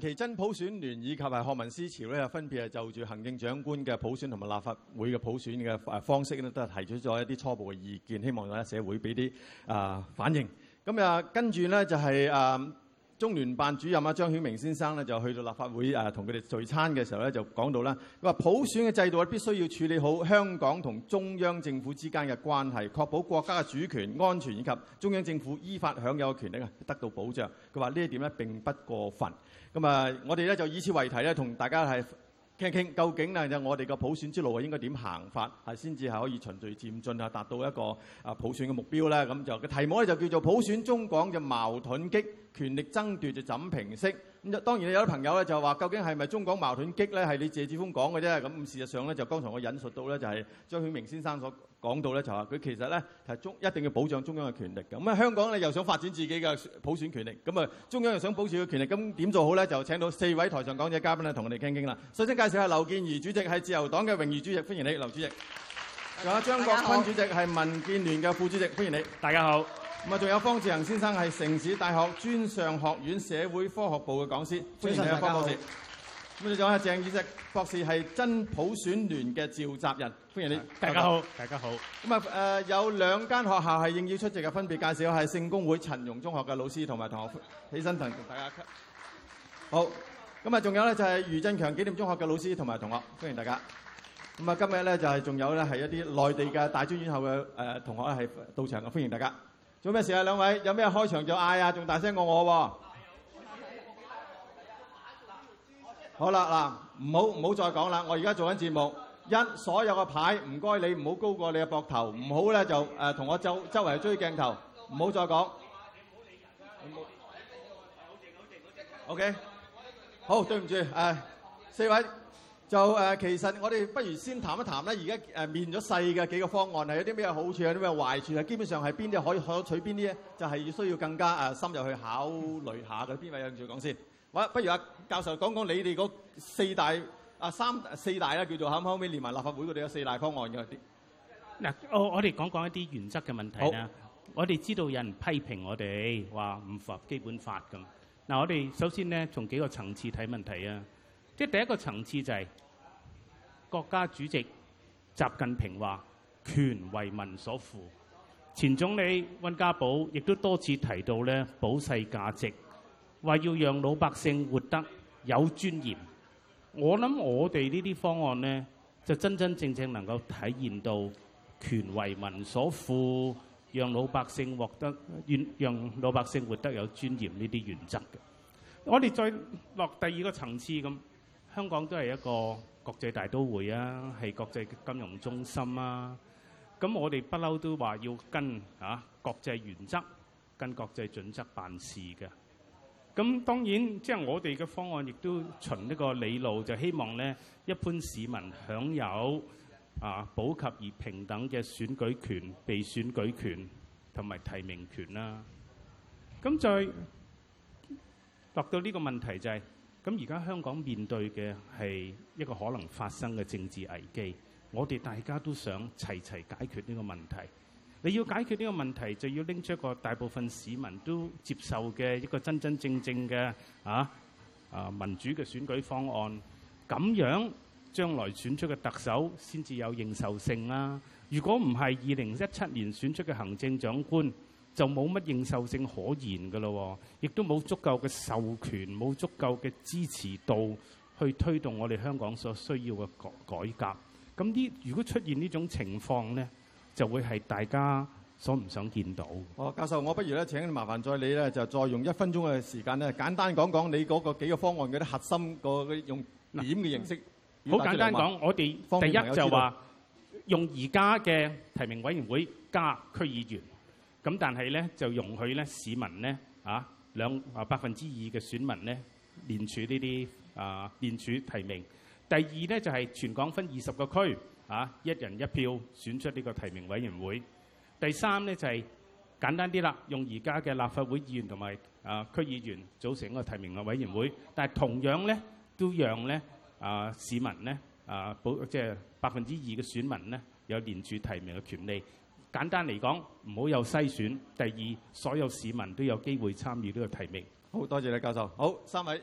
其真普選聯以及係學民思潮咧，分別係就住行政長官嘅普選同埋立法會嘅普選嘅誒方式咧，都提出咗一啲初步嘅意見，希望咧社會俾啲誒反應。咁、嗯、啊，跟住呢，就係、是、誒、呃、中聯辦主任啊張曉明先生呢，就去到立法會誒同佢哋聚餐嘅時候咧，就講到啦，佢話普選嘅制度咧必須要處理好香港同中央政府之間嘅關係，確保國家嘅主權、安全以及中央政府依法享有嘅權力啊得到保障。佢話呢一點咧並不過分。咁啊，我哋咧就以此為題咧，同大家係傾一傾，究竟啊，就我哋個普選之路係應該點行法，係先至係可以循序漸進啊，達到一個啊普選嘅目標咧。咁就個題目咧就叫做普選中港嘅矛盾激，權力爭奪就怎平息？咁就當然有啲朋友咧就話，究竟係咪中港矛盾激咧？係你謝志峰講嘅啫。咁事實上咧，就剛才我引述到咧，就係張曉明先生所講到咧就話佢其實咧係，中一定要保障中央嘅權力。咁啊，香港咧又想發展自己嘅普選權力，咁啊中央又想保持佢權力，咁點做好咧？就請到四位台上講者嘉賓咧同我哋傾傾啦。首先介紹下劉健儀主席，係自由黨嘅榮譽主席，歡迎你劉主席。大家好。仲有張國張國坤主席，係民建聯嘅副主席，歡迎你。大家好。咁啊仲有方志恒先生，係城市大學專上學院社會科學部嘅講師，歡迎你方博士。咁就係鄭宇碩博士，係真普選聯嘅召集人，歡迎你。大家好，大家好。咁、呃、啊，有兩間學校係應邀出席嘅，分別介紹係聖公會陳容中學嘅老師同埋同學，起身同大家。好。咁啊，仲有咧就係、是、余振強紀念中學嘅老師同埋同學，歡迎大家。咁啊，今日咧就係、是、仲有咧係一啲內地嘅大專院校嘅、呃、同學咧係到場嘅，歡迎大家。做咩事啊？兩位有咩開場就嗌啊，仲大聲過我喎、啊。好啦，嗱，唔好唔好再講啦，我而家做緊節目。一，所有嘅牌唔該你唔好高過你嘅膊頭，唔好咧就、呃、同我周周圍追鏡頭，唔好再講。OK，好，對唔住，呃、四位就、呃、其實我哋不如先談一談咧，而家面咗細嘅幾個方案係有啲咩好處，有啲咩壞處，係基本上係邊啲可以可取，邊啲咧？就係要需要更加、呃、深入去考慮下嘅。邊位有興趣講先？我不如阿教授講講你哋四大啊三啊四大啦，叫做嚇，後屘連埋立法會佢哋有四大方案嘅啲。嗱，我我哋講講一啲原則嘅問題啦。好我哋知道有人批評我哋話唔符合基本法咁。嗱，我哋首先咧從幾個層次睇問題啊。即係第一個層次就係、是、國家主席習近平話權為民所賦，前總理温家寶亦都多次提到咧普世價值，話要讓老百姓活得有尊嚴，我諗我哋呢啲方案呢，就真真正正能夠體現到權為民所賦，讓老百姓活得，讓老百姓活得有尊嚴呢啲原則嘅。我哋再落第二個層次咁，香港都係一個國際大都會啊，係國際金融中心啊，咁我哋不嬲都話要跟啊國際原則、跟國際準則辦事嘅。咁當然，即係我哋嘅方案亦都循呢個理路，就希望咧，一般市民享有啊普及而平等嘅選舉權、被選舉權同埋提名權啦。咁再落到呢個問題就係，咁而家香港面對嘅係一個可能發生嘅政治危機，我哋大家都想齊齊解決呢個問題。你要解決呢個問題，就要拎出一個大部分市民都接受嘅一個真真正正嘅啊，啊民主嘅選舉方案，咁樣將來選出嘅特首先至有認受性啦、啊。如果唔係二零一七年選出嘅行政長官，就冇乜認受性可言嘅咯、啊，亦都冇足夠嘅授權，冇足夠嘅支持度去推動我哋香港所需要嘅改革。咁呢，如果出現呢種情況呢，就會係大家所唔想見到。哦，教授，我不如咧請麻煩再你咧，就再用一分鐘嘅時間咧，簡單講講你嗰個幾個方案嘅啲核心、嗰個用點嘅形式。好、啊、簡單講，我哋們面第一就話用而家嘅提名委員會加區議員，咁但係咧就容許咧市民咧啊兩啊百分之二嘅選民咧連署呢啲啊連署提名。第二咧就係、是、全港分二十個區。啊！一人一票選出呢個提名委員會。第三咧就係簡單啲啦，用而家嘅立法會議員同埋啊區議員組成一個提名嘅委員會。但係同樣咧都讓咧啊市民咧啊保即係百分之二嘅選民咧有連署提名嘅權利。簡單嚟講，唔好有篩選。第二，所有市民都有機會參與呢個提名。好，多謝你教授。好，三位。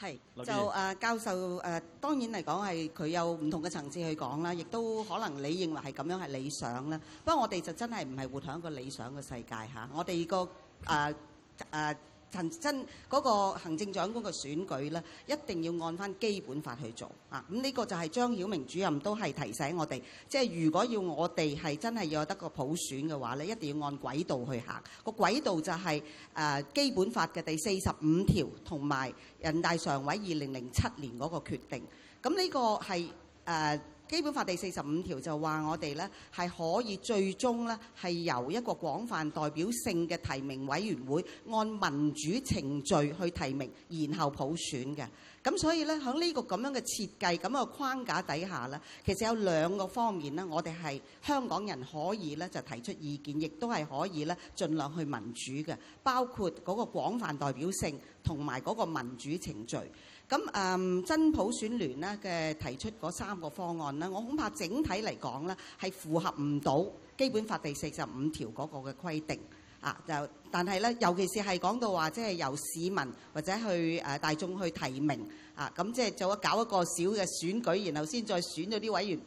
係，就誒、呃、教授誒、呃，當然嚟講，係佢有唔同嘅層次去講啦，亦都可能你認為係咁樣，係理想啦。不過我哋就真係唔係活響一個理想嘅世界吓，我哋個。誒、呃、誒。呃陳真嗰、那個行政長官嘅選舉呢，一定要按翻基本法去做啊！咁呢個就係張曉明主任都係提醒我哋，即、就、係、是、如果要我哋係真係要得個普選嘅話咧，一定要按軌道去行。個軌道就係、是、誒、呃、基本法嘅第四十五條同埋人大常委二零零七年嗰個決定。咁呢個係誒。呃基本法第四十五條就話我哋咧係可以最終咧係由一個廣泛代表性嘅提名委員會按民主程序去提名，然後普選嘅。咁所以咧喺呢個咁樣嘅設計、咁嘅框架底下咧，其實有兩個方面咧，我哋係香港人可以咧就提出意見，亦都係可以咧盡量去民主嘅，包括嗰個廣泛代表性同埋嗰個民主程序。咁誒，真普選聯咧嘅提出嗰三個方案咧，我恐怕整體嚟講咧，係符合唔到基本法第四十五條嗰個嘅規定啊就。但係咧，尤其是係講到話，即係由市民或者去大眾去提名啊，咁即係就、搞一個小嘅選舉，然後先再選咗啲委員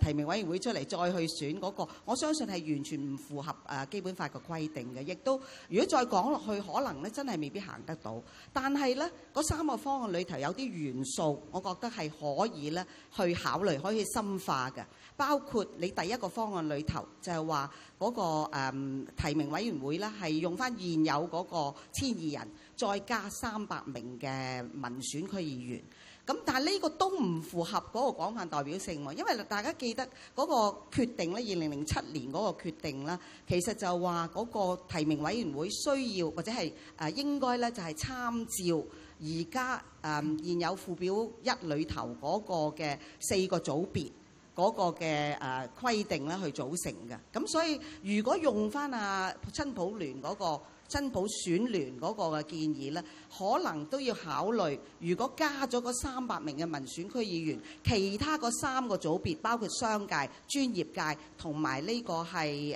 提名委員會出嚟，再去選嗰、嗰個。我相信係完全唔符合基本法嘅規定嘅，亦都如果再講落去，可能咧真係未必行得到。但係咧，嗰三個方案裏頭有啲元素，我覺得係可以咧去考慮，可以深化嘅，包括你第一個方案裏頭就係話嗰個、嗯、提名委員會咧係用翻現有嗰個千二人，再加三百名嘅民選區議員，咁但係呢個都唔符合嗰個廣泛代表性喎，因為大家記得嗰個決定咧，二零零七年嗰個決定啦，其實就話嗰個提名委員會需要或者係誒應該咧就係參照而家誒現有附表一裏頭嗰個嘅四個組別。嗰個嘅、啊、規定咧，去組成嘅。咁所以，如果用翻啊真普聯嗰、嗰個真普選聯嗰個嘅建議咧，可能都要考慮，如果加咗嗰三百名嘅民選區議員，其他嗰三個組別，包括商界、專業界同埋呢個係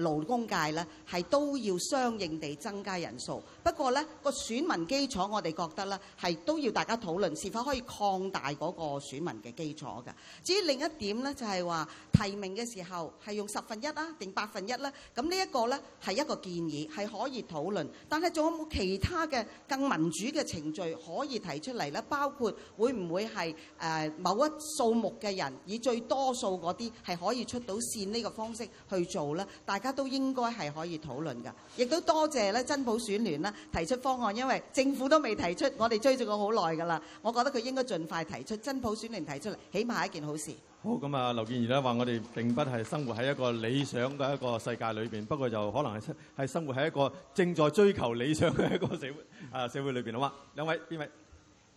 勞工界呢，係都要相應地增加人數，不過呢、呢個選民基礎我哋覺得呢係都要大家討論，是否可以擴大嗰個選民嘅基礎嘅。至於另一點呢，就係、係、話提名嘅時候係用十分一啊定百分一呢、啊。咁呢一個呢，係一個建議係可以討論，但係仲有冇其他嘅更民主嘅程序可以提出嚟呢？包括會唔會係、呃、某一數目嘅人以最多數嗰啲係可以出到線呢個方式去做呢？大家都應該係可以討論㗎，亦都多謝咧真普選聯啦提出方案，因為政府都未提出，我哋追住佢好耐㗎啦，我覺得佢應該盡快提出真普選聯提出嚟，起碼係一件好事。好咁啊，劉健儀咧話：我哋並不係生活喺一個理想嘅一個世界裏邊，不過就可能係係生活喺一個正在追求理想嘅一個社會啊社會裏邊好嘛。兩位邊位？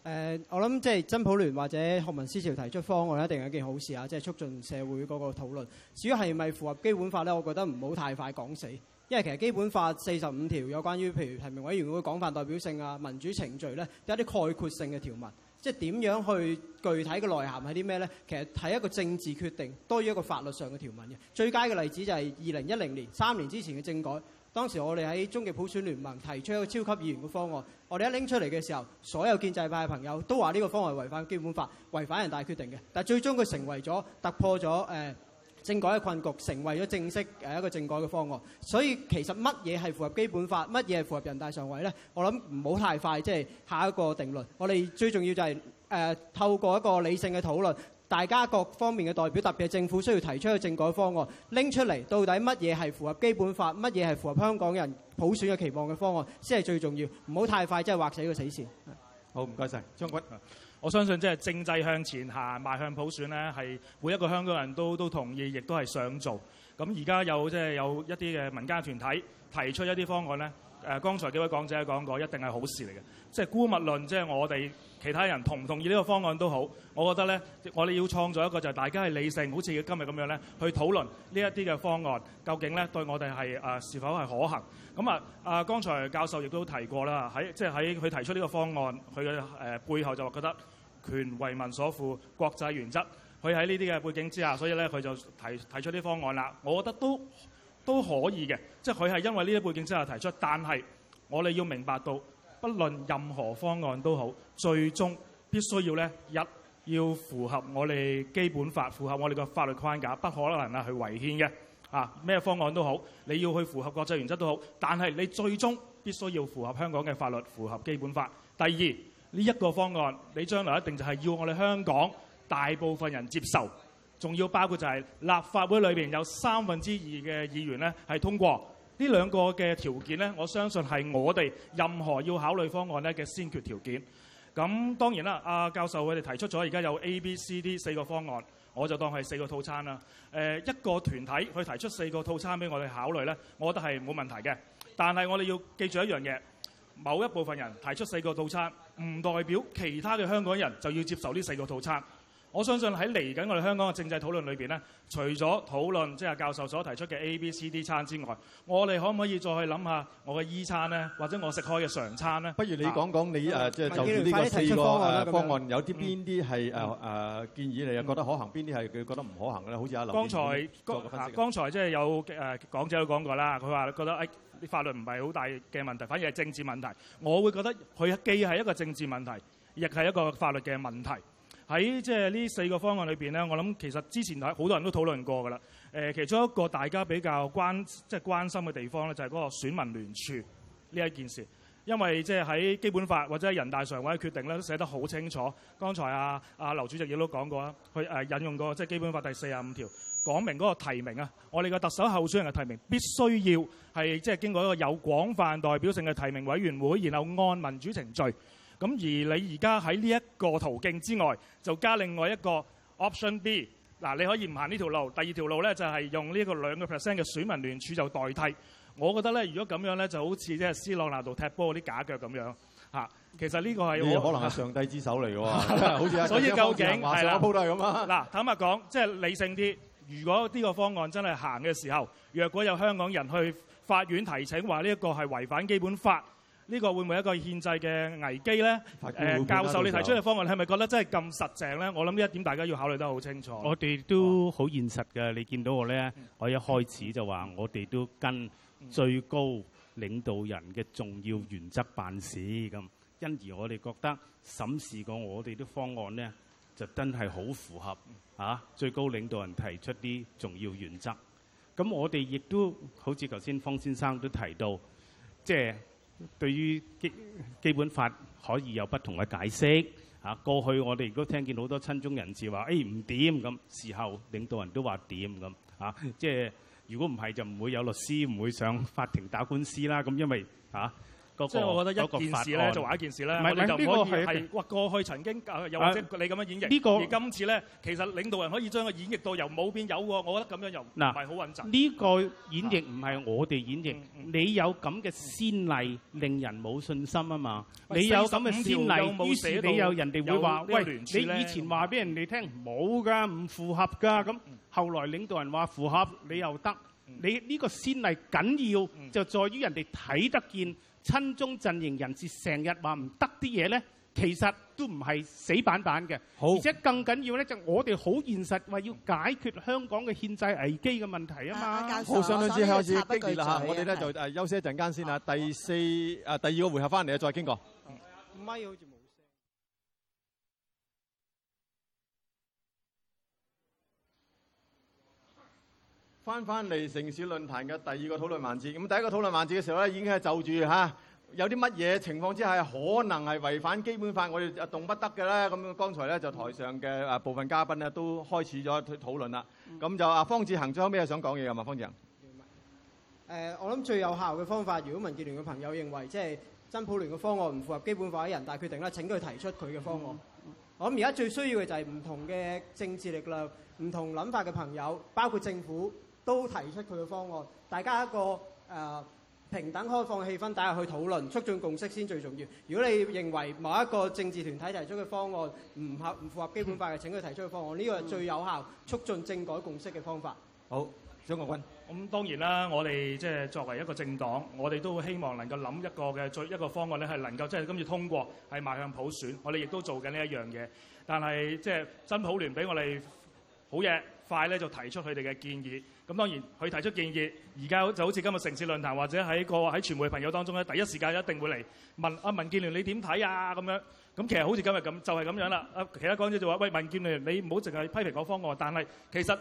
呃、我諗即係真普聯或者學民思潮提出方案一定係一件好事啊！即係促進社會嗰個討論。至於係咪符合基本法咧？我覺得唔好太快講死，因為其實基本法四十五條有關於譬如提名委員會廣泛代表性啊、民主程序咧，有一啲概括性嘅條文。即係點樣去具體嘅內涵係啲咩咧？其實睇一個政治決定，多於一個法律上嘅條文嘅。最佳嘅例子就係二零一零年三年之前嘅政改。當時我哋喺終極普選聯盟提出一個超級議員嘅方案，我哋一拎出嚟嘅時候，所有建制派嘅朋友都話呢個方案違反基本法、違反人大決定嘅。但係最終佢成為咗突破咗、呃、政改嘅困局，成為咗正式一個政改嘅方案。所以其實乜嘢係符合基本法，乜嘢係符合人大常委咧？我諗唔好太快，即係下一個定論。我哋最重要就係、呃、透過一個理性嘅討論。大家各方面嘅代表，特別政府需要提出嘅政改方案，拎出嚟到底乜嘢係符合基本法，乜嘢係符合香港人普選嘅期望嘅方案，先係最重要。唔好太快，即係劃死個死線。好，唔該晒張軍，國我相信即係政制向前行，邁向普選呢，係每一個香港人都都同意，亦都係想做。咁而家有即係有一啲嘅民間團體提出一啲方案呢。誒、呃，剛才幾位講者講過，一定係好事嚟嘅。即係姑勿論，即係我哋其他人同唔同意呢個方案都好，我覺得咧，我哋要創造一個就係大家係理性，好似今日咁樣咧，去討論呢一啲嘅方案，究竟咧對我哋係是、呃、是否係可行？咁、嗯、啊，啊、呃，剛才教授亦都提過啦，喺即係喺佢提出呢個方案，佢嘅、呃、背後就覺得權為民所賦，國際原則，佢喺呢啲嘅背景之下，所以咧佢就提提出啲方案啦。我覺得都。都可以嘅，即係佢係因為呢啲背景之下提出，但係我哋要明白到，不論任何方案都好，最終必須要呢一要符合我哋基本法，符合我哋嘅法律框架，不可能啊去違憲嘅啊，咩方案都好，你要去符合國際原則都好，但係你最終必須要符合香港嘅法律，符合基本法。第二，呢一個方案，你將來一定就係要我哋香港大部分人接受。仲要包括就係立法會裏面有三分之二嘅議員呢，係通過呢兩個嘅條件呢。我相信係我哋任何要考慮方案呢嘅先決條件。咁當然啦，阿、啊、教授佢哋提出咗而家有 A、B、C、D 四個方案，我就當係四個套餐啦、呃。一個團體去提出四個套餐俾我哋考慮呢，我覺得係冇問題嘅。但係我哋要記住一樣嘢，某一部分人提出四個套餐，唔代表其他嘅香港人就要接受呢四個套餐。我相信喺嚟緊，我哋香港嘅政制討論裏邊咧，除咗討論即係教授所提出嘅 A、B、C、D 餐之外，我哋可唔可以再去諗下我嘅 E 餐咧，或者我食開嘅常餐咧？不如你講講你誒，即係就住呢個四個方案，有啲邊啲係誒誒建議你覺得可行，邊啲係佢覺得唔可行嘅咧？好似阿林，剛才剛剛才即係有誒港姐有講過啦，佢話覺得誒法律唔係好大嘅問題，反而係政治問題。我會覺得佢既係一個政治問題，亦係一個法律嘅問題。喺即係呢四個方案裏邊咧，我諗其實之前喺好多人都討論過㗎啦。誒，其中一個大家比較關即係、就是、關心嘅地方咧，就係嗰個選民聯署呢一件事，因為即係喺基本法或者人大常委嘅決定咧，都寫得好清楚。剛才阿阿劉主席亦都講過啦，佢誒引用過即係、就是、基本法第四十五條，講明嗰個提名啊，我哋嘅特首候選人嘅提名必須要係即係經過一個有廣泛代表性嘅提名委員會，然後按民主程序。咁而你而家喺呢一個途徑之外，就加另外一個 option B。嗱，你可以唔行呢條路，第二條路咧就係用呢個兩個 percent 嘅選民聯署就代替。我覺得咧，如果咁樣咧，就好似即係斯朗拿度踢波嗰啲假腳咁樣。其實呢個係你可能係上帝之手嚟嘅喎， 好似所以究竟係啦。嗱、啊，坦白講，即係理性啲。如果呢個方案真係行嘅時候，若果有香港人去法院提請話呢一個係違反基本法。呢個會唔會一個憲制嘅危機呢？誒，教授，你提出嘅方案，你係咪覺得真係咁實淨呢？我諗呢一點，大家要考慮得好清楚。我哋都好現實嘅。你見到我呢，嗯、我一開始就話我哋都跟最高領導人嘅重要原則辦事咁，嗯、因而我哋覺得審視過我哋啲方案呢，就真係好符合啊，最高領導人提出啲重要原則，咁我哋亦都好似頭先方先生都提到，即係。對於基基本法可以有不同嘅解釋啊、啊，過去我哋亦都聽見好多親中人士話：誒唔點咁，事後領導人都話點咁啊，即係如果唔係就唔會有律師唔會上法庭打官司啦。咁因為啊。啊。即係我覺得一件事咧，做下一件事咧，我哋就可以係哇。過去曾經啊，又或者你咁樣演繹，而今次咧，其實領導人可以將個演繹到由冇變有喎。我覺得咁樣又唔係好穩陣。呢個演繹唔係我哋演繹，你有咁嘅先例，令人冇信心啊嘛。你有咁嘅先例，於是你有人哋會話：喂，你以前話俾人哋聽冇噶，唔符合噶咁。後來領導人話符合，你又得，你呢個先例緊要就在於人哋睇得見。親中陣營人士成日話唔得啲嘢咧，其實都唔係死板板嘅。好而且更緊要咧就我哋好現實話要解決香港嘅憲制危機嘅問題啊嘛，啊好相當之開始激氣啦吓，我哋咧的就誒休息一陣間先啦，啊、第四誒、啊、第二個回合翻嚟，再傾過。嗯翻翻嚟城市論壇嘅第二個討論環節，咁第一個討論環節嘅時候咧，已經係就住嚇有啲乜嘢情況之下，可能係違反基本法，我哋就動不得嘅咧。咁剛才咧就台上嘅部分嘉賓咧都開始咗討論啦。咁就啊方志恒，最後尾想講嘢㗎嘛？方志恒，誒、呃，我諗最有效嘅方法，如果民建聯嘅朋友認為即係真普聯嘅方案唔符合基本法嘅人大決定咧，請佢提出佢嘅方案。嗯嗯、我諗而家最需要嘅就係唔同嘅政治力量、唔同諗法嘅朋友，包括政府，都提出佢嘅方案，大家一個誒、呃、平等開放嘅氣氛，大家去討論，促進共識先最重要。如果你認為某一個政治團體提出嘅方案唔合唔符合基本法嘅，嗯、請佢提出嘅方案，呢、這個係最有效、嗯、促進政改共識嘅方法。好，張國鈞，咁當然啦，我哋即係作為一個政黨，我哋都希望能夠諗一個嘅最一個方案咧，係能夠即係今次通過，係邁向普選。我哋亦都做緊呢一樣嘢，但係即係真普聯俾我哋好嘢快咧，就提出佢哋嘅建議。咁當然，佢提出建議，而家就好似今日城市論壇或者喺個喺傳媒朋友當中呢，第一時間一定會嚟問啊民建聯你點睇呀？咁樣。咁其實好似今日咁，就係咁樣啦。其他講者就話：喂，民建聯你唔好淨係批評我方案，但係其實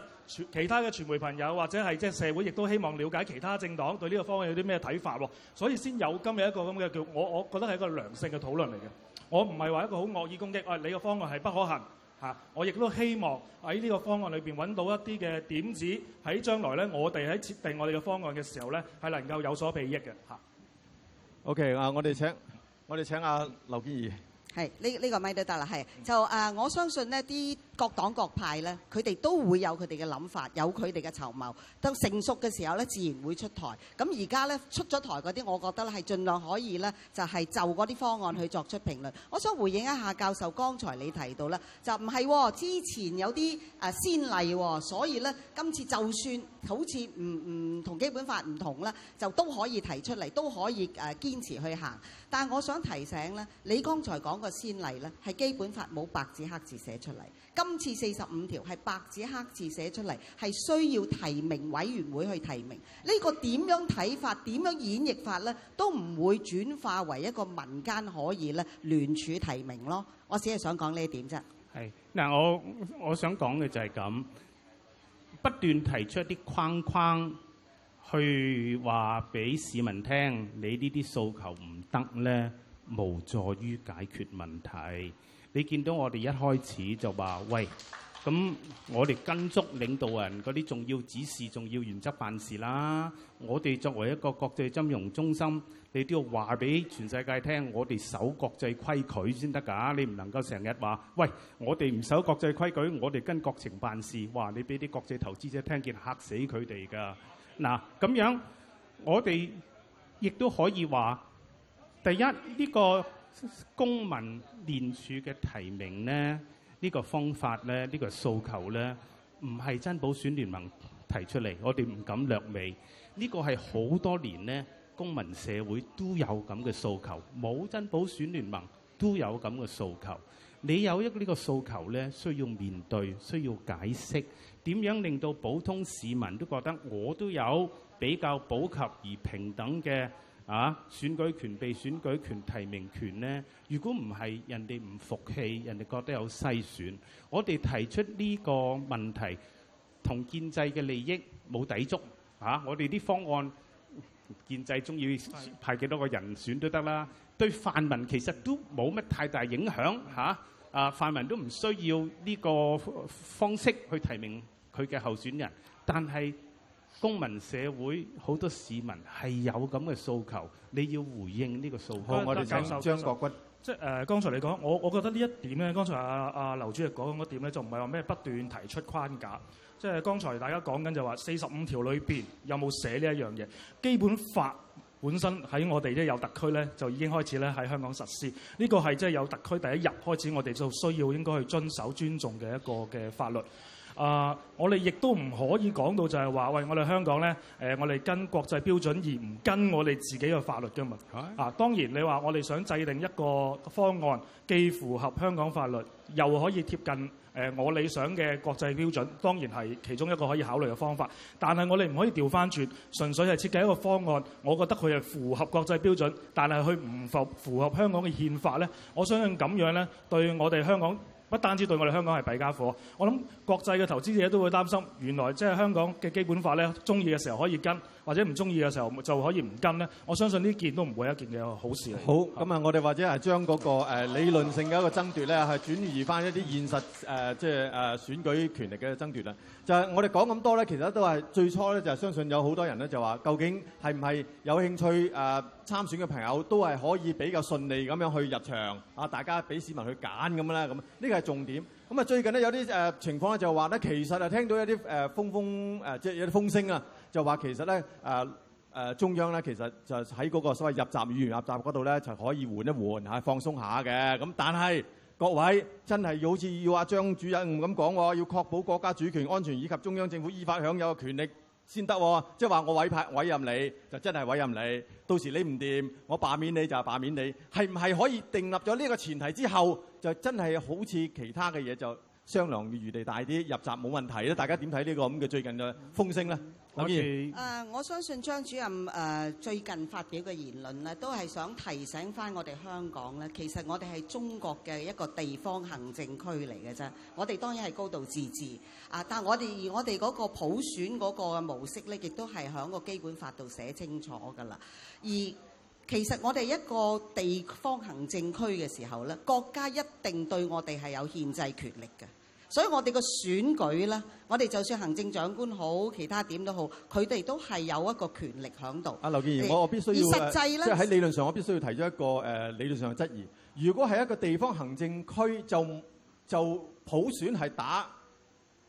其他嘅傳媒朋友或者係即係社會亦都希望了解其他政黨對呢個方案有啲咩睇法喎。所以先有今日一個咁嘅叫我，我覺得係一個良性嘅討論嚟嘅。我唔係話一個好惡意攻擊，啊、哎，你個方案係不可行。啊！我亦都希望喺呢個方案裏邊揾到一啲嘅點子，喺將來咧，我哋喺設定我哋嘅方案嘅時候咧，係能夠有所裨益嘅。吓 OK 啊、uh！我哋請，我哋請阿、啊、劉健儀。係，呢呢、這個咪都得啦。係，就誒、啊，我相信呢啲各黨各派呢佢哋都會有佢哋嘅諗法，有佢哋嘅籌謀。到成熟嘅時候呢，自然會出台。咁而家呢，出咗台嗰啲，我覺得呢係盡量可以呢，就係、是、就嗰啲方案去作出評論。我想回應一下教授，剛才你提到呢，就唔係、哦、之前有啲先例喎、哦，所以呢，今次就算。好似唔唔同基本法唔同啦，就都可以提出嚟，都可以誒、呃、堅持去行。但係我想提醒呢，你剛才講個先例呢，係基本法冇白紙黑字寫出嚟。今次四十五條係白紙黑字寫出嚟，係需要提名委員會去提名。呢、這個點樣睇法，點樣演繹法呢，都唔會轉化為一個民間可以咧聯署提名咯。我只係想講呢一點啫。係嗱，我我想講嘅就係咁。不斷提出一啲框框，去話俾市民聽，你呢啲訴求唔得呢，無助於解決問題。你見到我哋一開始就話，喂。咁我哋跟足領導人嗰啲重要指示、重要原則辦事啦。我哋作為一個國際金融中心，你都要話俾全世界聽，我哋守國際規矩先得㗎。你唔能夠成日話，喂，我哋唔守國際規矩，我哋跟國情辦事。哇！你俾啲國際投資者聽見，嚇死佢哋㗎。嗱，咁樣我哋亦都可以話，第一呢，呢個公民聯署嘅提名呢。」呢個方法呢，呢個訴求呢，唔係真普選聯盟提出嚟，我哋唔敢掠美。呢個係好多年呢，公民社會都有咁嘅訴求，冇真普選聯盟都有咁嘅訴求。你有一呢個訴求呢，需要面對，需要解釋點樣令到普通市民都覺得我都有比較普及而平等嘅。啊！選舉權、被選舉權、提名權咧，如果唔係人哋唔服氣，人哋覺得有篩選，我哋提出呢個問題同建制嘅利益冇抵觸啊！我哋啲方案建制中要派幾多個人選都得啦，對泛民其實都冇乜太大影響嚇、啊。啊，泛民都唔需要呢個方式去提名佢嘅候選人，但係。公民社會好多市民係有咁嘅訴求，你要回應呢個訴求。我哋請教授張國鈞。即係誒、呃，剛才你講，我我覺得呢一點咧，剛才阿、啊、阿、啊、劉主席講嗰點咧，就唔係話咩不斷提出框架。即係剛才大家講緊就話、是，四十五條裏邊有冇寫呢一樣嘢？基本法本身喺我哋即係有特區咧，就已經開始咧喺香港實施。呢、這個係即係有特區第一日開始，我哋就需要應該去遵守、尊重嘅一個嘅法律。啊！Uh, 我哋亦都唔可以講到就係話，喂！我哋香港呢，呃、我哋跟國際標準而唔跟我哋自己嘅法律嘅嘛。啊，Okay. uh, 當然你話我哋想制定一個方案，既符合香港法律，又可以貼近、呃、我理想嘅國際標準，當然係其中一個可以考慮嘅方法。但係我哋唔可以調返轉，純粹係設計一個方案，我覺得佢係符合國際標準，但係佢唔符合香港嘅憲法呢。我相信咁樣呢，對我哋香港。不單止對我哋香港係弊傢伙，我諗國際嘅投資者都會擔心，原來即係香港嘅基本法咧，中意嘅時候可以跟，或者唔中意嘅時候就可以唔跟咧。我相信呢件都唔會係一件嘅好事。好，咁啊，我哋或者係將嗰個、呃、理論性嘅一個爭奪咧，係轉移翻一啲現實、呃、即係誒、呃、選舉權力嘅爭奪啦。就係、是、我哋講咁多咧，其實都係最初咧，就係相信有好多人咧就話，究竟係唔係有興趣誒參、呃、選嘅朋友都係可以比較順利咁樣去入場啊？大家俾市民去揀咁咧，咁呢係重點。咁啊，最近呢，有啲誒情況咧，就話咧，其實啊，聽到一啲誒風風誒，即係有啲風聲啊，就話其實咧，誒誒中央咧，其實就喺嗰個所謂入閘與閏閘嗰度咧，就可以緩一緩嚇，放鬆下嘅。咁但係各位真係好似要阿張主任咁講喎，要確保國家主權安全以及中央政府依法享有嘅權力。先得喎，即係話我委派委任你就真係委任你，到時你唔掂，我罷免你就罷免你，係唔係可以訂立咗呢個前提之後，就真係好似其他嘅嘢就？商量餘地大啲，入閘冇問題咧，大家點睇呢個咁嘅最近嘅風聲咧？可以啊，我相信張主任誒、呃、最近發表嘅言論咧，都係想提醒翻我哋香港咧，其實我哋係中國嘅一個地方行政區嚟嘅啫。我哋當然係高度自治啊，但係我哋我哋嗰個普選嗰個模式咧，亦都係喺個基本法度寫清楚㗎啦。而其實我哋一個地方行政區嘅時候咧，國家一定對我哋係有憲制權力嘅，所以我哋個選舉咧，我哋就算行政長官好，其他點都好，佢哋都係有一個權力喺度。阿劉健儀，我、欸、我必須要，即係喺理論上，我必須要提出一個理論上嘅質疑。如果係一個地方行政區就，就就普選係打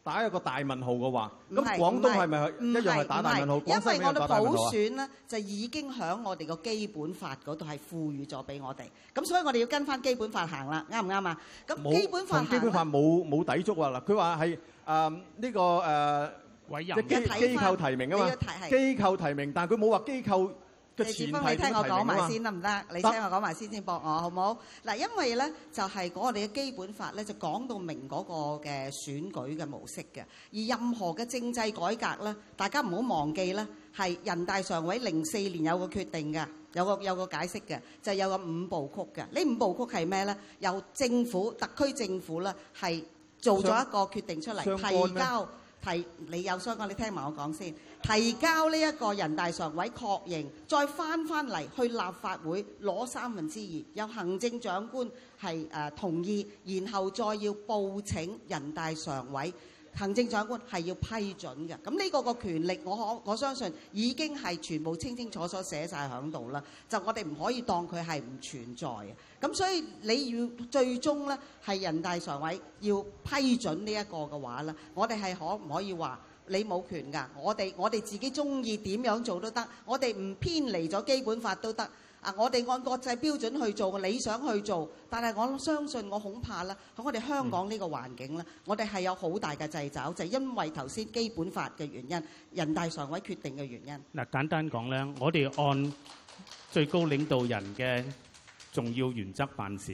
打一個大問號嘅話，咁廣東係咪一樣係打大問號？廣西咩打大問號啊？因為我哋普選呢，就已經喺我哋個基本法嗰度係賦予咗俾我哋，咁所以我哋要跟返基本法行啦，啱唔啱啊？咁基本法行，基本法冇冇抵觸啊？嗱，佢話係誒呢個誒委任，機構提名啊嘛，機構提名，但係佢冇話機構。方志恒，你聽我講埋先得唔得？你聽我講埋先先駁我好唔好？嗱，因為咧就係講我哋嘅基本法咧，就講到明嗰個嘅選舉嘅模式嘅。而任何嘅政制改革咧，大家唔好忘記咧，係人大常委零四年有個決定嘅，有個有個解釋嘅，就係有個五步曲嘅。呢五步曲係咩咧？由政府特區政府咧係做咗一個決定出嚟，提交提你有相關，你聽埋我講先。提交呢一個人大常委確認，再翻翻嚟去立法會攞三分之二，有行政長官係、呃、同意，然後再要報請人大常委，行政長官係要批准嘅。咁呢個個權力我，我可我相信已經係全部清清楚楚寫晒喺度啦。就我哋唔可以當佢係唔存在嘅。咁所以你要最終咧，係人大常委要批准呢一個嘅話咧，我哋係可唔可以話？你冇權㗎，我哋我哋自己中意點樣做都得，我哋唔偏離咗基本法都得啊！我哋按國際標準去做，理想去做，但係我相信我恐怕啦，喺我哋香港呢個環境咧，嗯、我哋係有好大嘅掣肘，就係、是、因為頭先基本法嘅原因、人大常委決定嘅原因。嗱，簡單講咧，我哋按最高領導人嘅重要原則辦事，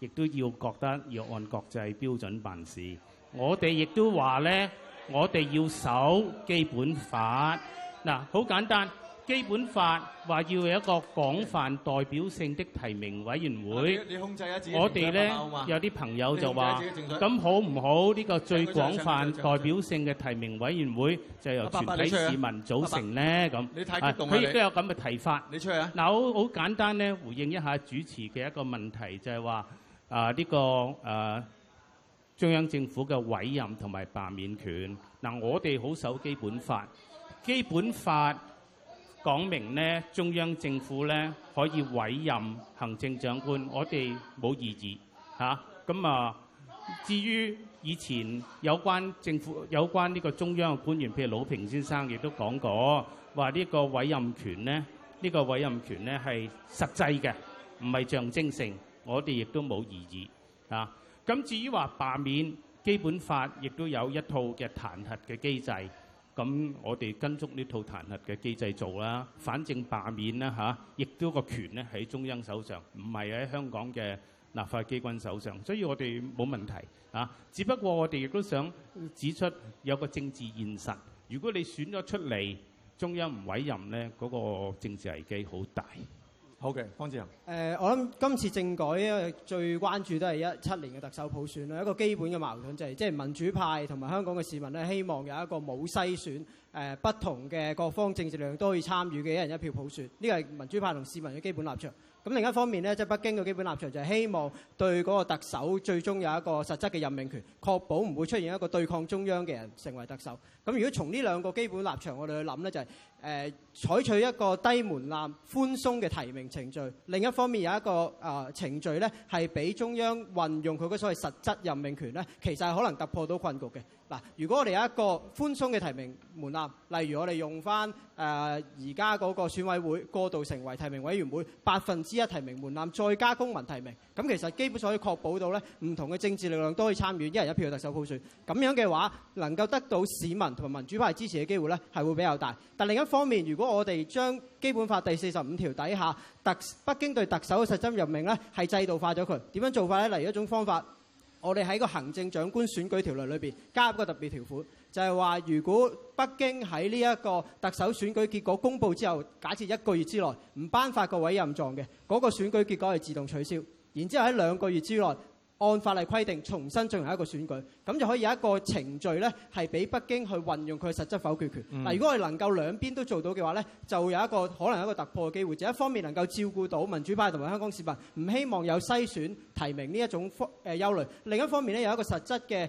亦都要覺得要按國際標準辦事。我哋亦都話咧。我哋要守基本法，嗱，好簡單，基本法話要有一個廣泛代表性的提名委員會。你控制一隻，我哋咧有啲朋友就話，咁好唔好呢個最廣泛代表性嘅提名委員會就由全體市民組成咧？咁，你睇，佢亦都有咁嘅提法。你出嚟啊！嗱，好好簡單咧，回應一下主持嘅一個問題，就係話，啊，呢個誒。中央政府嘅委任同埋罷免權，嗱、啊、我哋好守基本法，基本法講明咧，中央政府咧可以委任行政長官，我哋冇異議嚇。咁啊，啊，至於以前有關政府有關呢個中央嘅官員，譬如魯平先生亦都講過，話呢個委任權咧，呢、呢個委任權咧係實際嘅，唔係象徵性，我哋亦都冇異議嚇。啊咁至於話罷免基本法，亦都有一套嘅彈劾嘅機制。咁我哋跟足呢套彈劾嘅機制做啦。反正罷免咧、啊、嚇，亦都個權咧喺中央手上，唔係喺香港嘅立法機關手上。所以我哋冇問題嚇、啊。只不過我哋亦都想指出有個政治現實。如果你選咗出嚟，中央唔委任呢嗰、嗰個政治危機好大。好嘅，okay, 方志恒。誒、呃，我諗今次政改咧，最關注都是一七年嘅特首普選啦。一個基本嘅矛盾就是，即係民主派同埋香港嘅市民咧，希望有一個冇篩選。誒、呃、不同嘅各方政治力量都可以參與嘅一人一票普選，呢個係民主派同市民嘅基本立場。咁另一方面呢，即係、就係、北京嘅基本立場就係希望對嗰個特首最終有一個實質嘅任命權，確保唔會出現一個對抗中央嘅人成為特首。咁如果從呢兩個基本立場我哋諗，我哋去諗呢，就係、係、誒、呃、採取一個低門檻、寬鬆嘅提名程序。另一方面有一個、呃、程序呢，係俾中央運用佢嘅所謂實質任命權呢其實係可能突破到困局嘅。嗱，如果我哋有一個寬鬆嘅提名門檻，例如我哋用翻誒而家嗰個選委會過渡成為提名委員會，百分之一提名門檻再加公民提名，咁其實基本上可以確保到咧唔同嘅政治力量都可以參與一人一票嘅特首普選。咁樣嘅話，能夠得到市民同民主派支持嘅機會咧，係會比較大。但另一方面，如果我哋將基本法第四十五條底下特北京對特首嘅實質任命咧，係制度化咗佢點樣做法咧？例如一種方法。我哋喺個行政長官選舉條例裏邊加入一個特別條款，就係話，如果北京喺呢一個特首選舉結果公佈之後，假設一個月之內唔頒發個委任狀嘅，嗰個選舉結果係自動取消。然之後喺兩個月之內。按法例規定重新進行一個選舉，咁就可以有一個程序咧，係俾北京去運用佢嘅實質否決權。嗱、嗯，如果我哋能夠兩邊都做到嘅話咧，就有一個可能有一個突破嘅機會，就是、一方面能夠照顧到民主派同埋香港市民，唔希望有篩選提名呢一種誒憂慮；另一方面咧，有一個實質嘅，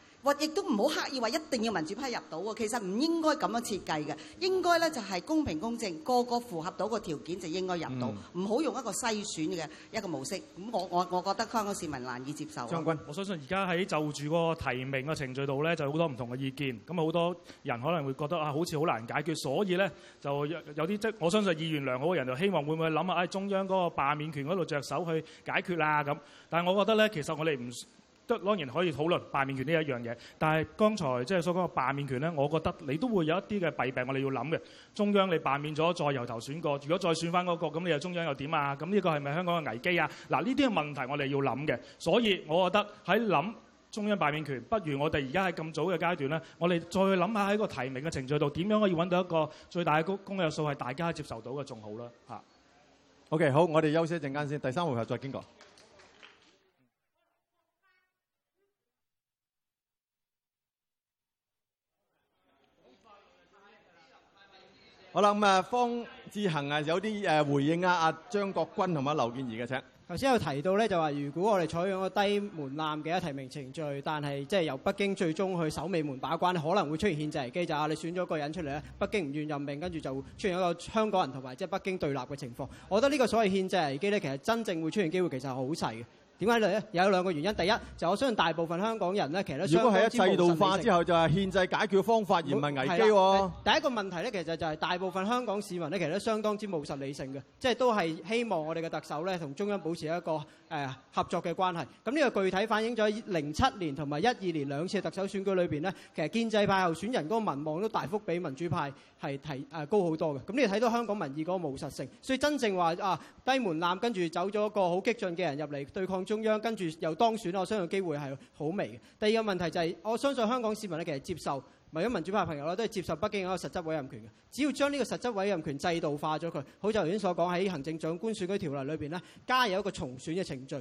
或亦都唔好刻意話一定要民主派入到喎，其實唔應該咁樣設計嘅，應該咧就係公平公正，個個符合到個條件就應該入到，唔好用一個篩選嘅一個模式。咁我我我覺得香港市民難以接受。張國鈞，我相信而家喺就住個提名嘅程序度咧，就有好多唔同嘅意見。咁啊，好多人可能會覺得啊，好似好難解決。所以咧，就有有啲即係我相信意願良好嘅人就希望會唔會諗下，唉，中央嗰個罷免權嗰度着手去解決啊咁。但係我覺得咧，其實我哋唔。當然可以討論罷免權呢一樣嘢，但係剛才即係所講嘅罷免權咧，我覺得你都會有一啲嘅弊病，我哋要諗嘅。中央你罷免咗，再由頭選過，如果再選翻嗰、那個，咁你又中央又點啊？咁呢個係咪香港嘅危機啊？嗱，呢啲嘅問題我哋要諗嘅。所以，我覺得喺諗中央罷免權，不如我哋而家喺咁早嘅階段咧，我哋再諗下喺個提名嘅程序度，點樣可以搵到一個最大嘅公公約數係大家接受到嘅，仲好啦。嚇、啊。OK，好，我哋休息陣間先，第三回合再傾過。好啦，咁啊，方志恒啊，有啲回應啊，阿張國鈞同埋劉健儀嘅請，頭先有提到咧，就話如果我哋採用個低門檻嘅提名程序，但係即係由北京最終去守尾門把關，可能會出現憲制危機，就係你選咗個人出嚟咧，北京唔願任命，跟住就出現一個香港人同埋即係北京對立嘅情況，我覺得呢個所謂憲制危機咧，其實真正會出現機會，其實好細嘅。點解咧？有兩個原因。第一就我相信大部分香港人咧，其實都相當之務實理性。如果係一制度化之後，就係憲制解決方法，而唔係危機。第一個問題咧，其實就係大部分香港市民咧，其實都相當之務實理性嘅，即係都係希望我哋嘅特首咧，同中央保持一個誒合作嘅關係。咁呢個具體反映咗零七年同埋一二年兩次嘅特首選舉裏邊咧，其實建制派候選人嗰個民望都大幅比民主派係提誒高好多嘅。咁你哋睇到香港民意嗰個務實性，所以真正話啊。低門檻，跟住走咗一個好激進嘅人入嚟對抗中央，跟住又當選，我相信機會係好微嘅。第二個問題就係、是，我相信香港市民咧其實接受，唔係民主派朋友啦，都係接受北京一個實質委任權嘅。只要將呢個實質委任權制度化咗佢，好似頭先所講喺行政長官選舉條例裏面咧，加有一個重選嘅程序。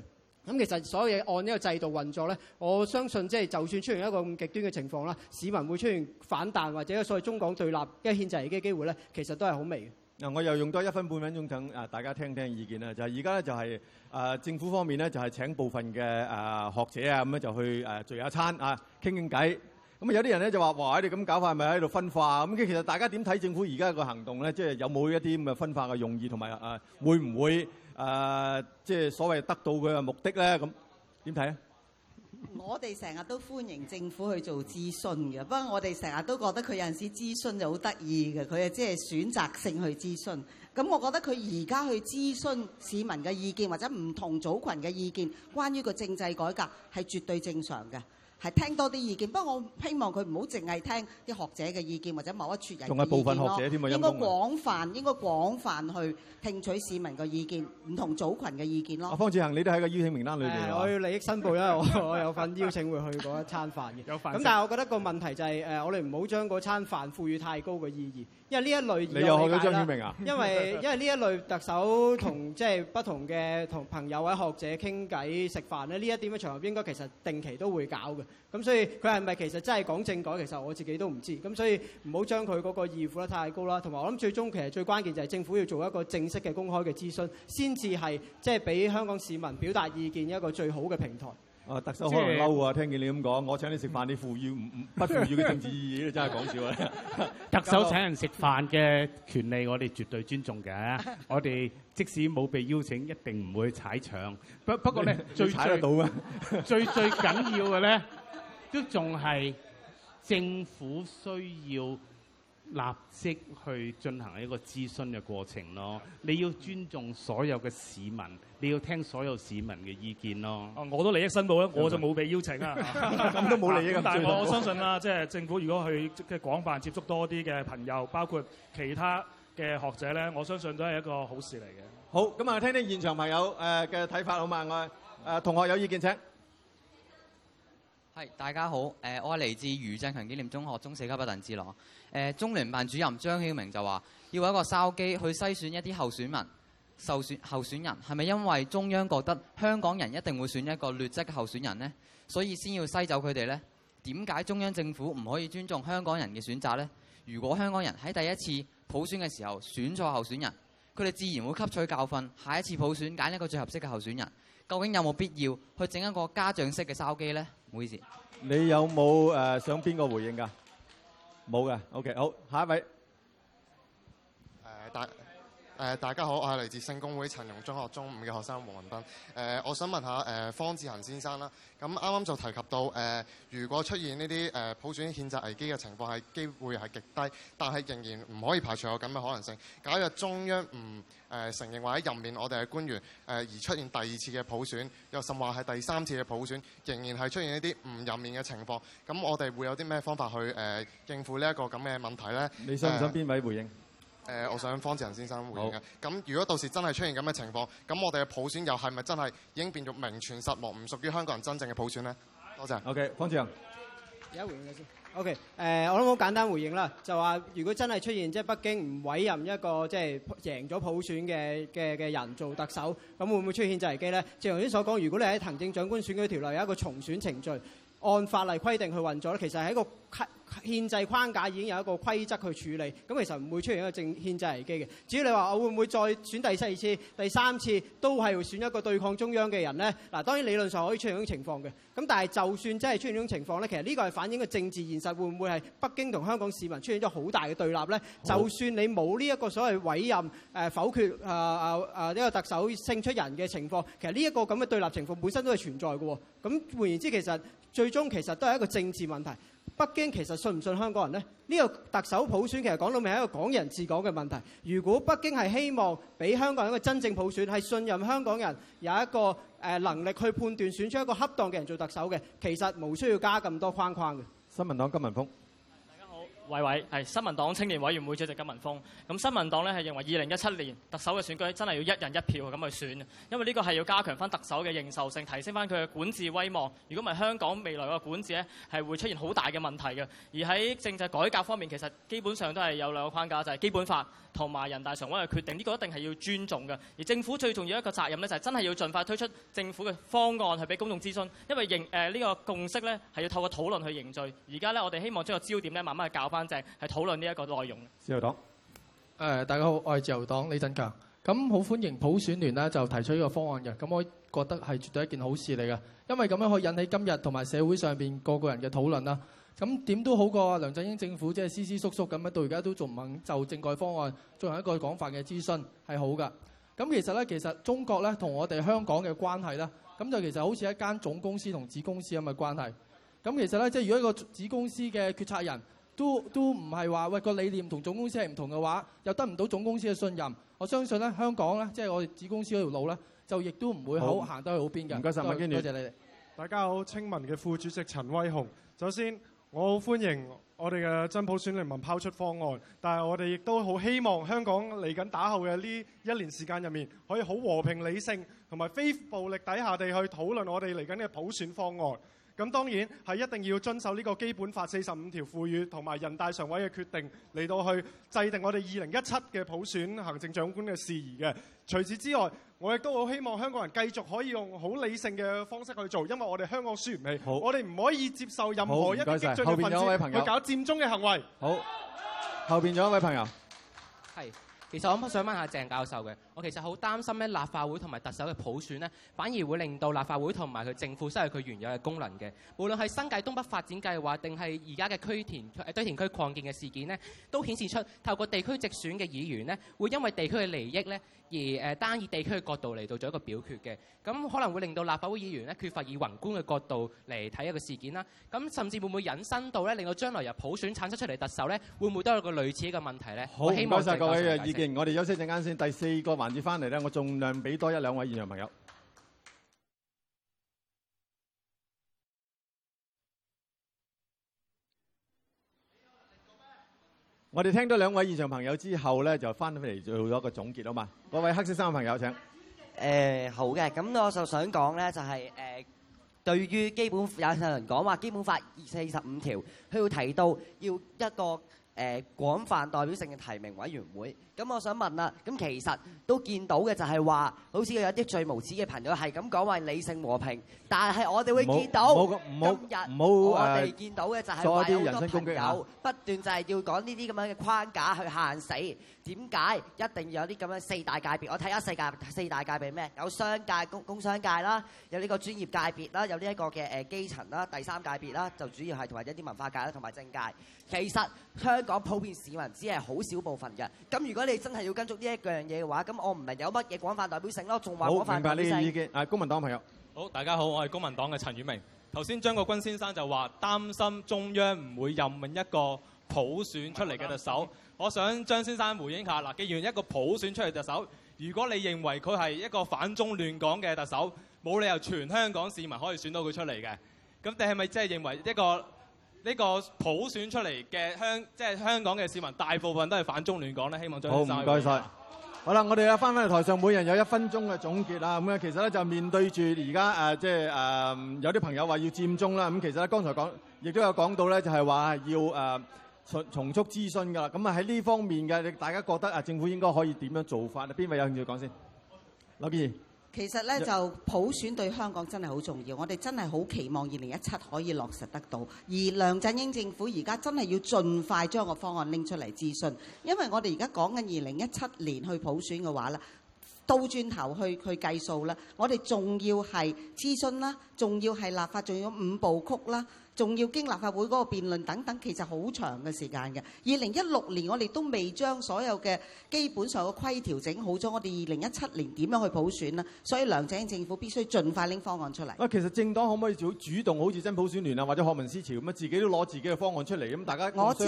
咁其實所有嘢按呢個制度運作咧，我相信即係就算出現一個咁極端嘅情況啦，市民會出現反彈或者所謂中港對立嘅憲制嘅機機會咧，其實都係好微嘅。嗱，我又用多一分半分鐘等啊，大家聽聽意見啦。就係而家咧，就係啊，政府方面咧，就係請部分嘅啊學者啊咁咧，就去誒聚下餐啊，傾傾偈。咁啊，有啲人咧就話：哇！你咁搞法係咪喺度分化？咁其實大家點睇政府而家個行動咧？即係有冇一啲咁嘅分化嘅用意，同埋啊，會唔會啊，即係所謂得到佢嘅目的咧？咁點睇啊？ 我哋成日都歡迎政府去做諮詢㗎。不過我哋成日都覺得佢有陣時諮詢就好得意㗎。佢啊即係選擇性去諮詢。咁我覺得佢而家去諮詢市民嘅意見，或者唔同組群嘅意見，關於個政制改革係絕對正常㗎。係聽多啲意見，不過我希望佢唔好淨係聽啲學者嘅意見，或者某一撮人嘅意見咯，仲係部分學者添啊，應該廣泛，應該廣泛去聽取市民嘅意見，唔同組群嘅意見咯、啊。方志恒，你都喺個邀請名單裏面、哎，我要利益申報啦，我我有份邀請會去嗰一餐飯嘅。 有飯咁吃，但係我覺得個問題就係、誒、我哋唔好將嗰餐飯賦予太高嘅意義。因為呢一類因為因為這一類特首同，就是，不同嘅同朋友或者學者傾偈食飯這呢一點的場合應該其實定期都會搞嘅。咁所以佢係咪其實真係講政改，其實我自己都唔知道。咁所以唔好將佢嗰個意義太高啦。同埋我諗最終其實最關鍵就係政府要做一個正式嘅公開嘅諮詢，先至係即係俾香港市民表達意見一個最好嘅平台。啊、哦，特首可能嬲啊！就是、聽見你咁講，我請你食飯，你賦予唔唔不賦予嘅政治意義，你真係講笑啊！特首請人食飯嘅權利，我哋絕對尊重嘅。我哋即使冇被邀請，一定唔會踩場。不不過咧，你最，最踩得到嘅，最最緊要嘅咧，都仲係政府需要。立即去進行一個諮詢嘅過程咯。你要尊重所有嘅市民，你要聽所有市民嘅意見咯。啊，我都利益申報咧，我就冇被邀請啊，咁都冇利益嘅。但我，我相信啦，即係政府如果去嘅廣泛接觸多啲嘅朋友，包括其他嘅學者咧，我相信都係一個好事嚟嘅。好，咁啊，聽聽現場朋友誒嘅睇法好嘛？我同學有意見請。大家好，誒，我係嚟自余振強紀念中學中四級嘅鄧志郎。誒，中聯辦主任張曉明就話要搵一個筲機去篩選一啲候選人、候選候選人係咪因為中央覺得香港人一定會選一個劣質嘅候選人呢？所以先要篩走佢哋呢？點解中央政府唔可以尊重香港人嘅選擇呢？如果香港人喺第一次普選嘅時候選錯候選人，佢哋自然會吸取教訓，下一次普選揀一個最合適嘅候選人。究竟有冇必要去整一個家長式嘅筲機呢？唔好意思，你有冇誒想邊個回應㗎？冇嘅，OK，好，下一位誒但。誒、呃，大家好，我係嚟自聖公會陳容中學中五嘅學生黃文斌。誒、呃，我想問下誒、呃、方志恒先生啦。咁啱啱就提及到誒、呃，如果出現呢啲誒普選憲制危機嘅情況，係機會係極低，但係仍然唔可以排除有咁嘅可能性。假若中央唔誒、呃、承認或者任免我哋嘅官員，誒、呃、而出現第二次嘅普選，又甚或係第三次嘅普選，仍然係出現一啲唔任免嘅情況，咁我哋會有啲咩方法去誒、呃、應付呢一個咁嘅問題呢？你想唔想邊位回應？呃誒、呃，我想方志恒先生回應嘅。咁好如果到時真係出現咁嘅情況，咁我哋嘅普選又係咪真係已經變作名存實亡，唔屬於香港人真正嘅普選呢？多謝。O.K. 方志恒，而家回應嘅先。O.K. 誒、呃、我諗好簡單回應啦，就話如果真係出現即係、就是、北京唔委任一個即係、就是、贏咗普選嘅嘅嘅人做特首，咁會唔會出現憲制危機呢？正如頭先所講，如果你喺行政長官選舉條例有一個重選程序，按法例規定去運作咧，其實係一個。憲制框架已經有一個規則去處理，咁其實唔會出現一個政憲制危機嘅。至於你話我會唔會再選第四次、第三次都係會選一個對抗中央嘅人呢？嗱，當然理論上可以出現呢種情況嘅。咁但係就算真係出現呢種情況呢，其實呢個係反映個政治現實，會唔會係北京同香港市民出現咗好大嘅對立呢？好就算你冇呢一個所謂委任誒、呃、否決啊啊呢個特首勝出人嘅情況，其實呢一個咁嘅對立情況本身都係存在嘅。咁換言之，其實最終其實都係一個政治問題。北京其實信唔信香港人呢？呢、呢個特首普選其實講到明係一個港人治港嘅問題。如果北京係希望俾香港人一個真正普選，係信任香港人有一個、呃、能力去判斷選出一個恰當嘅人做特首嘅，其實無需要加咁多框框嘅。新民黨金文峰。喂，喂係新民黨青年委員會主席金文峯。咁新民黨咧，係認為二零一七年特首嘅選舉真係要一人一票咁去選，因為呢個係要加強翻特首嘅認受性，提升翻佢嘅管治威望。如果唔係，香港未來個管治咧，係會出現好大嘅問題嘅。而喺政制改革方面，其實基本上都係有兩個框架，就係基本法同埋人大常委嘅決定，呢個一定係要尊重嘅。而政府最重要一個責任咧，就係真係要盡快推出政府嘅方案去俾公眾諮詢，因為認誒，呢個共識咧，係要透過討論去凝聚。而家咧，我哋希望將個焦點咧慢慢去教翻。正係討論呢一個內容。自由黨誒，uh，大家好，我係自由黨李振強。咁好歡迎普選聯呢就提出呢個方案嘅。咁我覺得係絕對一件好事嚟嘅，因為咁樣可以引起今日同埋社會上邊個個人嘅討論啦。咁點都好過梁振英政府即係斯斯叔叔咁樣，到而家都仲唔肯就政改方案進行一個廣泛嘅諮詢係好嘅。咁其實呢，其實中國呢同我哋香港嘅關係啦，咁就其實好似一間總公司同子公司咁嘅關係。咁其實呢，即係如果一個子公司嘅決策人。都都唔係話喂個理念同總公司係唔同嘅話，又得唔到總公司嘅信任，我相信咧香港咧，即係我哋子公司嗰條路咧，就亦都唔會好行得好去好邊嘅。唔該晒，以麥基遠，多謝你哋。大家好，青民嘅副主席陳威雄，首先我好歡迎我哋嘅真普選聯盟拋出方案，但係我哋亦都好希望香港嚟緊打後嘅呢一年時間入面，可以好和平理性同埋非暴力底下地去討論我哋嚟緊嘅普選方案。咁當然係一定要遵守呢個基本法四十五條賦予同埋人大常委嘅決定嚟到去制定我哋二零一七嘅普選行政長官嘅事宜嘅。除此之外，我亦都好希望香港人繼續可以用好理性嘅方式去做，因為我哋香港輸唔起，好我哋唔可以接受任何謝謝一個激進嘅分子去搞佔中嘅行為。好，後面仲有一位朋友。其實我想想問一下鄭教授嘅，我其實好擔心立法會同埋特首嘅普選反而會令到立法會同埋政府失去佢原有嘅功能嘅。無論係新界東北發展計劃定係而家嘅區田堆填區擴建嘅事件，都顯示出透過地區直選嘅議員會會因為地區嘅利益。而誒單以地區嘅角度嚟到做一個表決嘅，咁可能會令到立法會議員咧缺乏以宏觀嘅角度嚟睇一個事件啦。咁甚至會唔會引申到咧，令到將來由普選產生出嚟特首咧，會唔會都有個類似嘅問題咧？好，唔該曬各位嘅釋意見。我哋休息陣間先，第四個環節翻嚟咧，我儘量俾多一兩位現場朋友。我哋聽到兩位現場朋友之後咧，就翻嚟做咗一個總結啊嘛！各位黑色衫嘅朋友請，誒好嘅，咁我就想講咧，就係誒對於基本有啲人講話《基本法》四十五條，佢會提到要一個誒廣泛代表性嘅提名委員會。咁我想問啦，咁其實都見到嘅就係話，好似有啲最無恥嘅朋友係咁講話理性和平，但係我哋會見到今日我哋見到嘅就係為好多朋友不斷就係要講呢啲咁樣嘅框架去限死，點解一定要有啲咁樣四大界別？我睇下世界四大界別咩？有商界、工工商界啦，有呢個專業界別啦，有呢一個嘅誒基層啦，第三界別啦，就主要係同埋一啲文化界啦，同埋政界。其實香港普遍市民只係好少部分嘅，咁如果你你真係要跟足呢一樣嘢嘅話，咁我唔係有乜嘢廣泛代表性咯，仲話廣泛代表性。好，明白呢啲意見。係公民黨朋友。好，大家好，我係公民黨嘅陳宇明。頭先張國鈞先生就話擔心中央唔會任命一個普選出嚟嘅特首。我想張先生回應下嗱，既然一個普選出嚟特首，如果你認為佢係一個反中亂港嘅特首，冇理由全香港市民可以選到佢出嚟嘅。咁你係咪即係認為一個？呢個普選出嚟嘅香，即係香港嘅市民，大部分都係反中亂港咧？希望再深入。好，唔該晒，好啦，我哋又翻返嚟台上，每人有一分鐘嘅總結啊。咁啊，其實咧就面對住而家誒，即係誒有啲朋友話要佔中啦。咁其實咧，剛才講亦都有講到咧，就係話要誒重重觸諮詢噶啦。咁啊喺呢方面嘅，你大家覺得啊，政府應該可以點樣做法？邊位有興趣講先？劉健其實呢，就普選對香港真係好重要，我哋真係好期望二零一七可以落實得到。而梁振英政府而家真係要盡快將個方案拎出嚟諮詢，因為我哋而家講緊二零一七年去普選嘅話咧。倒轉頭去去計數啦！我哋仲要係諮詢啦，仲要係立法，仲要五步曲啦，仲要經立法會嗰個辯論等等，其實好長嘅時間嘅。二零一六年我哋都未將所有嘅基本上嘅規條整好咗，我哋二零一七年點樣去普選呢、啊？所以梁振英政府必須盡快拎方案出嚟。喂，其實政黨可唔可以做主動，好似真普選聯啊，或者學民思潮咁啊，自己都攞自己嘅方案出嚟咁，大家我知。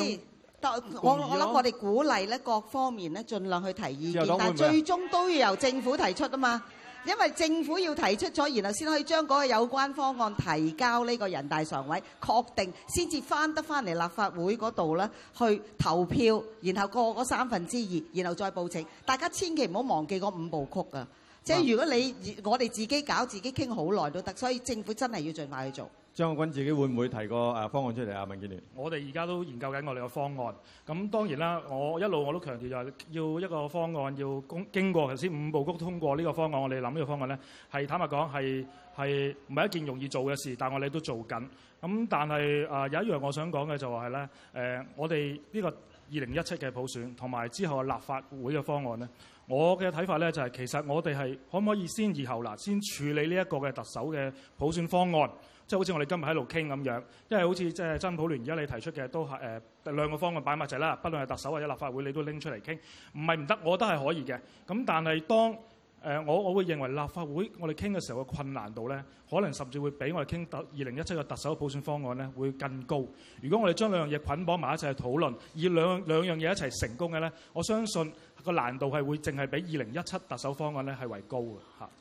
我我諗我哋鼓勵咧，各方面咧盡量去提意見，會會但最終都要由政府提出啊嘛。因為政府要提出咗，然後先可以將嗰個有關方案提交呢個人大常委確定，先至翻得翻嚟立法會嗰度咧去投票，然後過嗰三分之二，然後再報請。大家千祈唔好忘記嗰五部曲啊！啊即係如果你我哋自己搞，自己傾好耐都得，所以政府真係要盡快去做。張國鈞，自己會唔會提個誒方案出嚟啊？民建聯，我哋而家都研究緊我哋個方案。咁當然啦，我一路我都強調就係要一個方案，要公經過頭先五部曲通過呢個方案。我哋諗呢個方案咧，係坦白講係係唔係一件容易做嘅事，但係我哋都做緊。咁但係誒、呃、有一樣我想講嘅就係咧誒，我哋呢個二零一七嘅普選同埋之後嘅立法會嘅方案咧。我嘅睇法呢，就係，其實我哋係可唔可以先易後難，先處理呢一個嘅特首嘅普選方案，即係好似我哋今日喺度傾咁樣，因為好似即真普聯而家你提出嘅都係、呃、兩個方案擺埋一齊啦，不論係特首或者立法會，你都拎出嚟傾，唔係唔得，我覺得係可以嘅。咁但係當、呃、我我會認為立法會我哋傾嘅時候嘅困難度呢，可能甚至會比我哋傾特二零一七嘅特首嘅普選方案呢會更高。如果我哋將兩樣嘢捆綁埋一齊去討論，以兩兩樣嘢一齊成功嘅呢，我相信。個難度係會淨係比二零一七特首方案咧係為高嘅。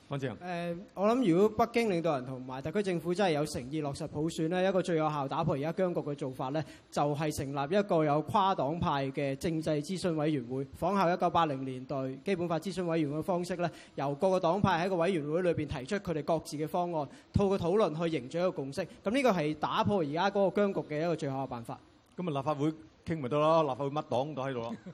方志恆、啊呃、我諗如果北京領導人同埋特區政府真係有誠意落實普選呢，一個最有效打破而家僵局嘅做法呢，就係、是、成立一個有跨黨派嘅政制諮詢委員會，仿效一九八零年代基本法諮詢委員會嘅方式呢，由各個黨派喺個委員會裏面提出佢哋各自嘅方案，透過討論去形成一個共識。咁呢個係打破而家嗰個僵局嘅一個最好嘅辦法。咁咪立法會傾咪得咯？立法會乜黨都喺度啊！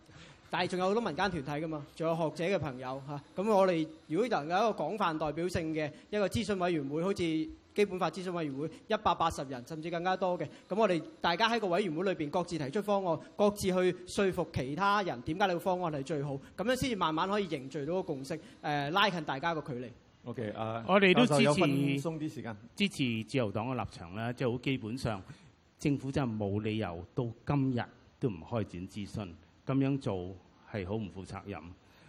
但係仲有好多民間團體㗎嘛，仲有學者嘅朋友嚇。咁、啊、我哋如果能夠一個廣泛代表性嘅一個諮詢委員會，好似基本法諮詢委員會一百八十人甚至更加多嘅，咁我哋大家喺個委員會裏邊各自提出方案，各自去說服其他人點解你個方案係最好，咁樣先至慢慢可以凝聚到個共識，誒、啊、拉近大家個距離。OK，啊、uh,，我哋都支持鬆啲時間支持自由黨嘅立場啦。即係好基本上政府真係冇理由到今日都唔開展諮詢。咁樣做係好唔負責任。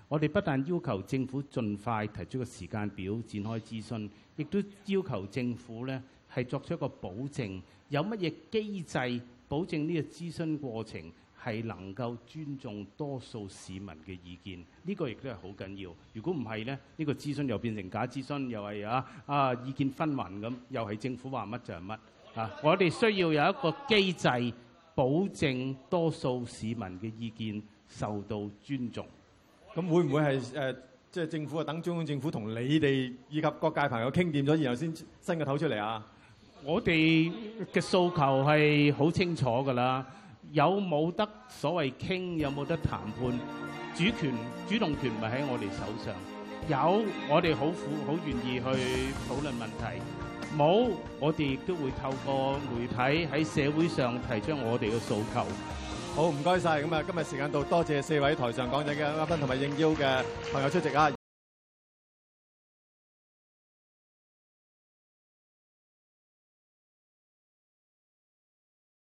我哋不但要求政府盡快提出個時間表展開諮詢，亦都要求政府呢係作出一個保證，有乜嘢機制保證呢個諮詢過程係能夠尊重多數市民嘅意見？呢個亦都係好緊要。如果唔係咧，呢個諮詢又變成假諮詢，又係啊啊意見紛紜咁，又係政府話乜就係乜啊！我哋需要有一個機制。保證多數市民嘅意見受到尊重，咁會唔會係誒？即係政府啊，等中央政府同你哋以及各界朋友傾掂咗，然後先伸個頭出嚟啊！我哋嘅訴求係好清楚㗎啦，有冇得所謂傾？有冇得談判？主權主動權唔係喺我哋手上，有我哋好苦好願意去討論問題。冇，我哋亦都會透過媒體喺社會上提出我哋嘅訴求。好，唔該曬。咁啊，今日時間到，多謝四位台上講者嘅嘉賓同埋應邀嘅朋友出席啊！